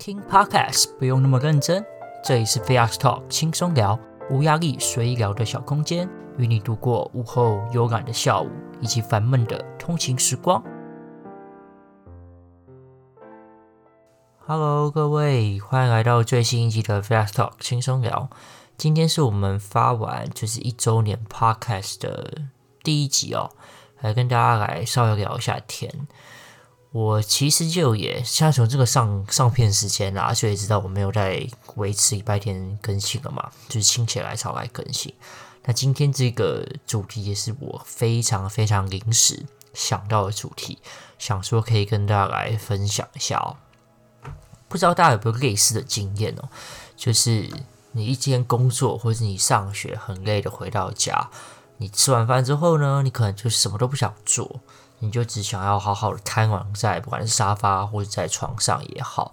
聽 podcast 不用那麼認真，這裡是 VX Talk 輕鬆聊，無壓力隨意聊的小空間，與你度過午後悠懶的下午，以及煩悶的通勤時光。Hello，各位，歡迎來到最新一集的 VX Talk 輕鬆聊，今天是我們發完就是一周年 podcast 的第一集哦，來跟大家來稍微聊一下天。我其實就也，現在從這個上上片時間啦，所以知道我沒有在維持禮拜天更新了嘛，就是心血來潮來更新。那今天這個主題也是我非常非常臨時想到的主題，想說可以跟大家來分享一下哦。不知道大家有沒有類似的經驗哦？就是你一天工作或者你上學很累的回到家，你吃完飯之後呢，你可能就什麼都不想做。你就只想要好好的癱瘓在，不管是沙發或者在床上也好，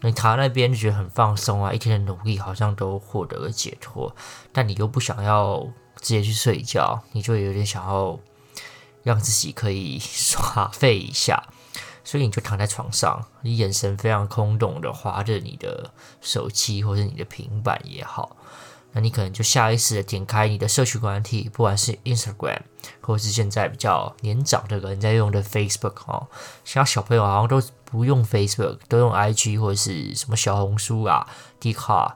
你躺在那邊就覺得很放鬆啊，一天的努力好像都獲得了解脫。但你又不想要直接去睡覺，你就有點想要讓自己可以耍廢一下，所以你就躺在床上，你眼神非常空洞的滑着你的手機或者你的平板也好。那你可能就下意識的點開你的社群媒體，不管是 Instagram 或者是現在比較年長的人在用的 Facebook 哈、哦，像小朋友好像都不用 Facebook，都用 IG 或者是什麼小紅書啊、TikTok，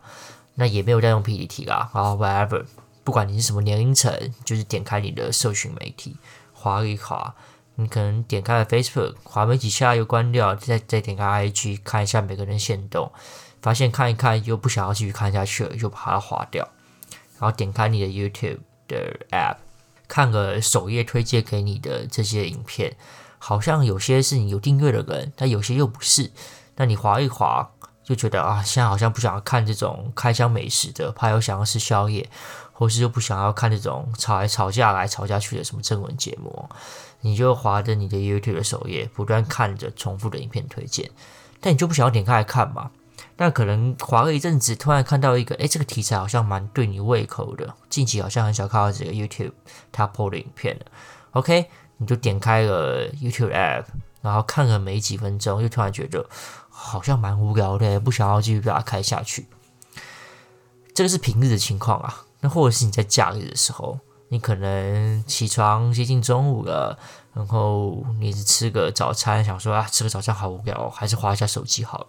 那也沒有在用 PTT 了啊，whatever，不管你是什麼年齡層，就是點開你的社群媒體，滑一滑，你可能點開了 Facebook，滑沒幾下又關掉，再再點開 IG 看一下每個人限動。發現看一看又不想要繼續看下去了，就把它滑掉。然後點開你的 YouTube 的 App，看個首頁推薦給你的這些影片，好像有些是你有訂閱的人，但有些又不是。那你滑一滑，就覺得啊，現在好像不想要看這種開箱美食的，怕又想要吃宵夜，或是又不想要看這種吵來吵架來吵架去的什麼政論節目。你就滑著你的 YouTube 的首頁，不斷看着重複的影片推薦，但你就不想要點開來看嘛？但可能滑了一陣子，突然看到一個，哎，這個題材好像蠻對你胃口的。近期好像很少看到這個 YouTube 他播的影片了。OK，你就點開了 YouTube app，然後看了沒幾分鐘，又突然覺得好像蠻無聊的，不想要繼續把它開下去。這個是平日的情況啊。那或者是你在假日的時候。你可能起床接近中午了，然後你吃個早餐，想說啊吃個早餐好無聊，還是滑一下手機好了？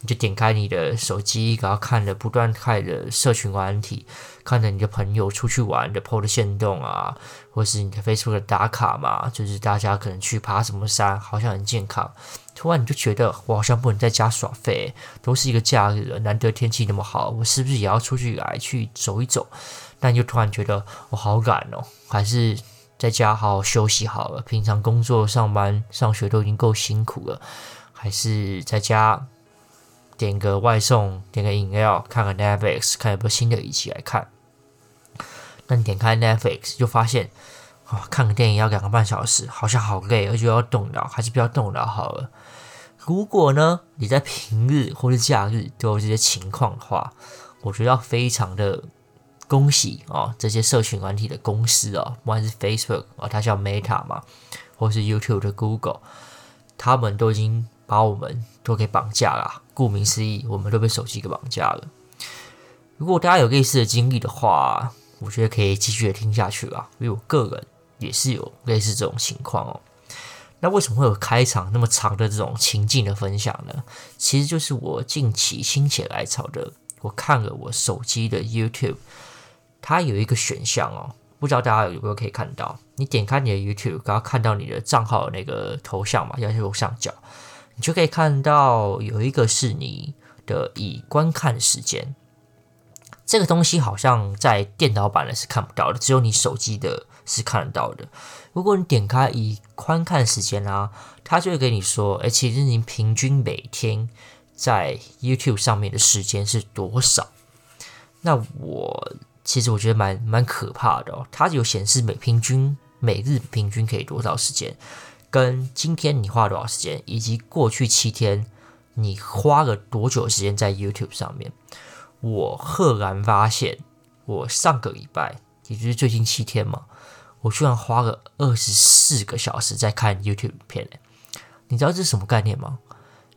你就點開你的手機，然後看着不斷看的社群軟體，看着你的朋友出去玩的 PO 的限動啊，或是你的 Facebook 的打卡嘛，就是大家可能去爬什麼山，好像很健康。突然你就覺得我好像不能在家耍廢，都是一個假日了，難得天氣那麼好，我是不是也要出去來去走一走？但就突然覺得我，哦，好趕哦，還是在家好好休息好了。平常工作、上班、上學都已經夠辛苦了，還是在家點個外送，點個飲料，看個 Netflix，看有沒有新的劇集來看。那你點開 Netflix 就發現哦，看個電影要兩個半小時，好像好累，而且要動腦，還是不要動腦好了。如果呢，你在平日或是假日都有這些情況的話，我覺得要非常的。恭喜啊，哦，這些社群軟體的公司哦，不管是 Facebook 哦，它叫 Meta 嘛，或是 YouTube 的 Google，他們都已經把我們都給綁架了啊。顧名思義，我們都被手機給綁架了。如果大家有類似的經歷的話，我覺得可以繼續的聽下去啊，因為我個人也是有類似這種情況哦。那為什麼會有開場那麼長的這種情境的分享呢？其實就是我近期心血來潮的，我看了我手機的 YouTube，它有一個選項哦，不知道大家有沒有可以看到？你點開你的 YouTube，然後看到你的賬號的那個頭像嘛，要右上角，你就可以看到有一個是你的已觀看時間。這個東西好像在電腦版的是看不到的，只有你手機的是看得到的。如果你點開已觀看時間啊，它就會跟你說，誒，其實你平均每天在 YouTube 上面的時間是多少？那我。其實我覺得蠻蠻可怕的哦，它有顯示每平均每日平均可以多少時間，跟今天你花了多少時間，以及過去七天你花了多久的時間在 YouTube 上面。我赫然發現，我上個禮拜，也就是最近七天嘛，我居然花了二十四個小時在看 YouTube 片誒。你知道這是什麼概念嗎？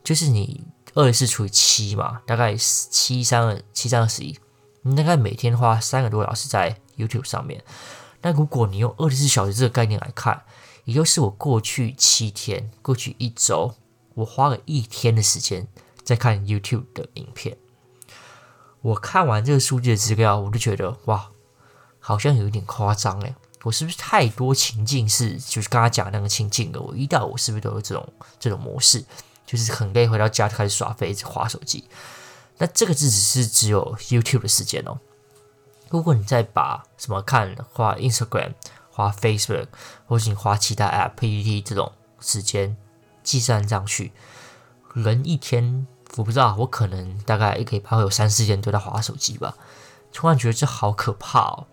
就是你二十四除以七嘛，大概七三二七三二十一。你大概每天花三個多小時在 YouTube 上面。那如果你用二十四小時這個概念來看，也就是我過去七天，過去一周，我花了一天的時間在看 YouTube 的影片。我看完這個數據的資料，我就覺得哇，好像有一點誇張哎。我是不是太多情境是，就是剛剛講的那個情境的？我一到我是不是都有這種這種模式，就是很累回到家就開始耍廢子，滑手機。那這個只是只有 YouTube 的時間哦。如果你再把什麼看滑 Instagram、滑 Facebook 或是你滑其他 App、PTT 這種時間計算上去，人一天我不知道，我可能大概一個禮拜會有三四天都在滑手機吧。突然覺得這好可怕哦。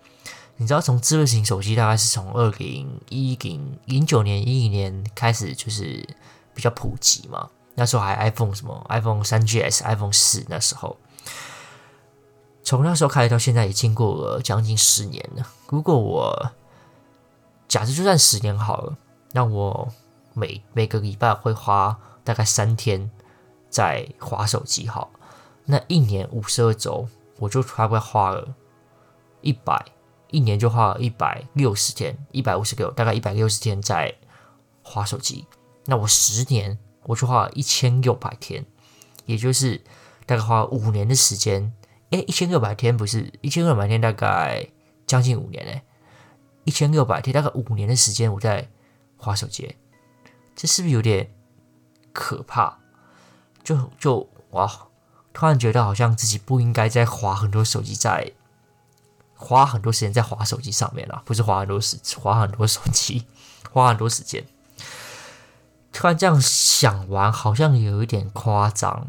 你知道從智慧型手機大概是從二零一零零九年、一零年開始就是比較普及嘛？那時候還 iPhone 什麼，iPhone 三 GS、iPhone 四。那時候，從那時候開始到現在，也經過了將近十年了。如果我假設就算十年好了，那我每每個禮拜會花大概三天在滑手機，好，那一年五十二週，我就差不多花了，一百一年就花了一百六十天，一百五十六大概一百六十天在滑手機。那我十年。我去花了一千六百天，也就是大概花了五年的時間。哎、欸，一千六百天不是一千六百天，大概將近五年哎，一千六百天大概五年的時間我在滑手機，這是不是有點可怕？就就哇，突然覺得好像自己不應該再滑很多手機，在花很多時間在滑手機上面了，不是花很多時，花很多手機，花很多時間。突然這樣想完好像有一點誇張，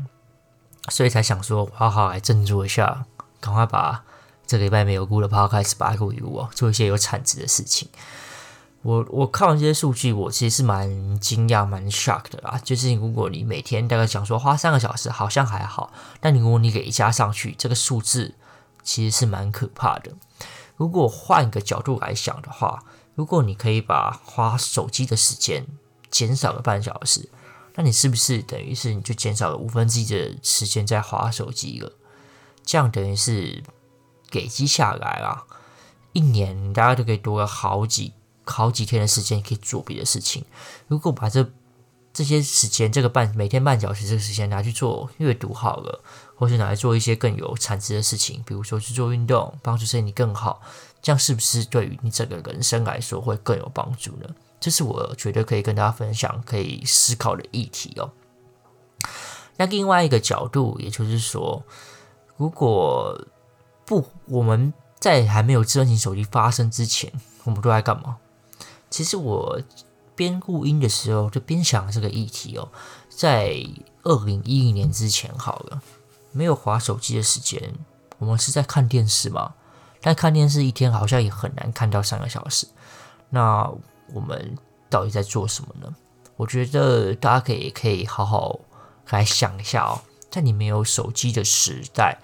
所以才想說，好好，來振作一下，趕快把這個禮拜沒有顧的 podcast 把它做一些有產值的事情。我我看完這些數據，我其實是蠻驚訝、蠻 shock 的啦。就是如果你每天大概想說花三個小時，好像還好，但如果你給加上去，這個數字其實是蠻可怕的。如果換一個角度來想的話，如果你可以把花手機的時間減少了半小時，那你是不是等於是你就減少了五分之一的時間在滑手機了？這樣等於是累積下來啊，一年大家就可以多了好幾好幾天的時間可以做別的事情。如果把這這些時間，這個半每天半小時這個時間拿去做閱讀好了，或是拿來做一些更有產值的事情，比如說去做運動，幫助身體更好，這樣是不是對於你整個人生來說會更有幫助呢？這是我覺得可以跟大家分享，可以思考的議題哦。那另外一個角度，也就是說，如果不我們在還沒有智能型手機發生之前，我們都在幹嘛？其實我邊錄音的時候就邊想這個議題哦。在二零一一年之前，好了，沒有滑手機的時間，我們是在看電視嘛？但看電視一天好像也很難看到三個小時。那我們到底在做什麼呢？我覺得大家可以可以好好來想一下哦。在你沒有手機的時代，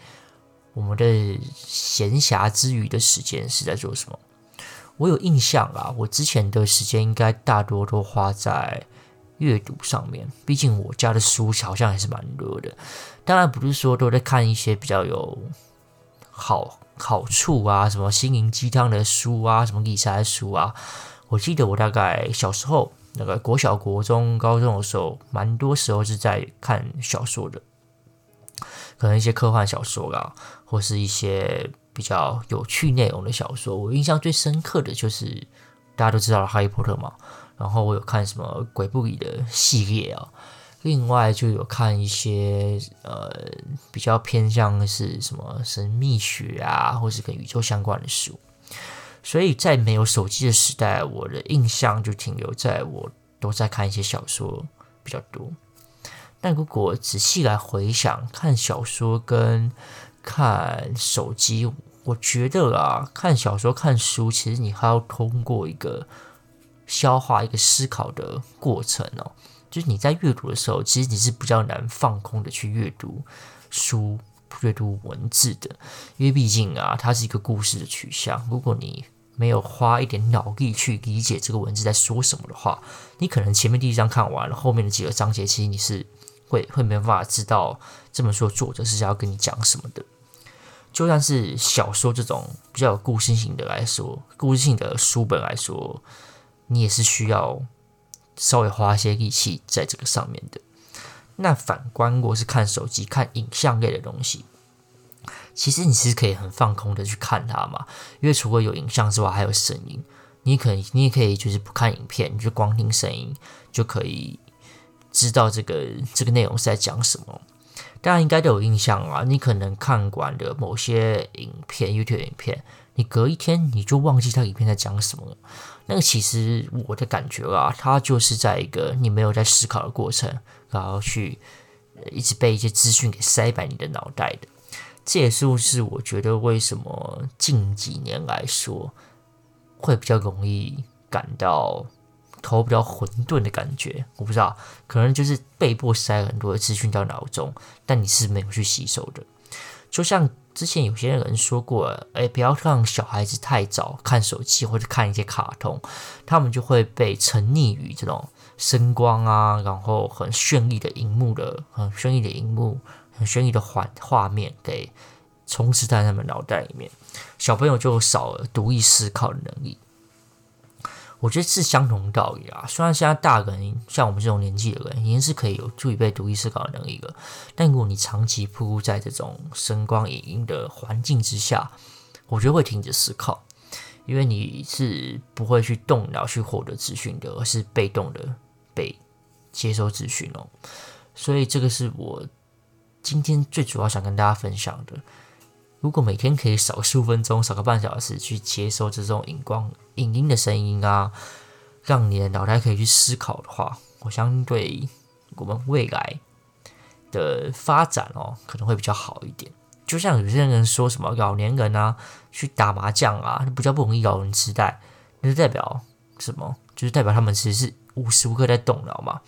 我們的閒暇之餘的時間是在做什麼？我有印象啊，我之前的時間應該大多都花在閱讀上面。畢竟我家的書好像還是蠻多的。當然不是說都在看一些比較有好好處啊，什麼心靈雞湯的書啊，什麼理財的書啊。我記得我大概小時候，那個國小、國中、高中的時候，蠻多時候是在看小說的，可能一些科幻小說啦，或是一些比較有趣內容的小說。我印象最深刻的就是大家都知道《哈利波特》嘛，然後我有看什麼《鬼不理》的系列啊，另外就有看一些呃比較偏向是什麼神秘學啊，或是跟宇宙相關的書。所以在沒有手機的時代，我的印象就停留在我都在看一些小說比較多。但如果仔細來回想，看小說跟看手機，我覺得啊，看小說、看書，其實你還要通過一個消化、一個思考的過程哦。就是你在閱讀的時候，其實你是比較難放空的去閱讀書、閱讀文字的，因為畢竟啊，它是一個故事的取向。如果你沒有花一點腦力去理解這個文字在說什麼的話，你可能前面第一章看完了，後面的幾個章節其實你是會會沒有辦法知道這本書的作者是要跟你講什麼的。就算是小說這種比較有故事性的來說，故事性的書本來說，你也是需要稍微花一些力氣在這個上面的。那反觀如果是看手機、看影像類的東西。其實你其實可以很放空的去看它嘛，因為除了有影像之外，還有聲音。你可你也可以就是不看影片，你就光聽聲音就可以知道這個這個內容是在講什麼。大家應該都有印象啊，你可能看過的某些影片，YouTube 影片，你隔一天你就忘記它影片在講什麼。那個其實我的感覺啊，它就是在一個你沒有在思考的過程，然後去一直被一些資訊給塞滿你的腦袋的。這也是不是我覺得為什麼近幾年來說會比較容易感到頭比較混沌的感覺？我不知道，可能就是被迫塞了很多的資訊到腦中，但你是沒有去吸收的。就像之前有些人說過，誒、哎，不要讓小孩子太早看手機或者看一些卡通，他們就會被沉溺於這種聲光啊，然後很絢麗的熒幕的很絢麗的熒幕很懸疑的畫畫面給充斥在他們腦袋裡面，小朋友就少了獨立思考的能力。我覺得是相同道理啊。雖然現在大人像我們這種年紀的人，已經是可以有具備獨立思考的能力了，但如果你長期曝露在這種聲光影音的環境之下，我覺得會停止思考，因為你是不會去動腦去獲得資訊的，而是被動的被接收資訊哦。所以這個是我。今天最主要想跟大家分享的，如果每天可以少15分鐘，少個半小時去接收這種熒光、影音的聲音啊，讓你的腦袋可以去思考的話，我相對我們未來的發展哦，可能會比較好一點。就像有些人說什麼老年人啊，去打麻將啊，比較不容易老人痴呆，那就代表什麼？就是代表他們其實是無時無刻在動腦嘛。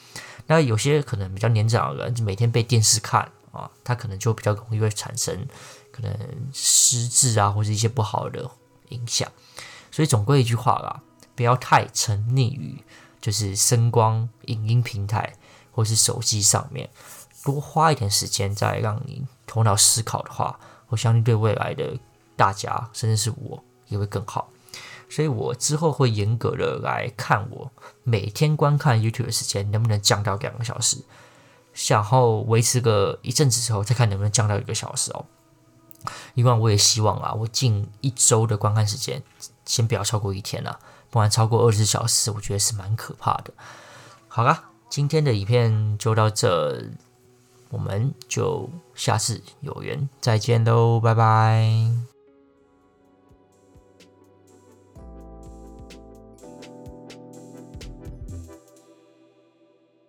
那有些可能比較年長的人，就每天被電視看。啊，它可能就比較容易會產生可能失智啊，或者一些不好的影響。所以總歸一句話啦，不要太沉溺於就是聲光影音平台或是手機上面，多花一點時間在讓你頭腦思考的話，我相信對未來的大家，甚至是我也會更好。所以我之後會嚴格的來看我每天觀看 YouTube 的時間能不能降到兩個小時。然後維持個一陣子之後，再看能不能降到一個小時哦。另外，我也希望啊，我近一周的觀看時間，先不要超過一天了，啊，不然超過二十四小時，我覺得是蠻可怕的。好啦，今天的影片就到這，我們就下次有緣再見嘍，拜拜。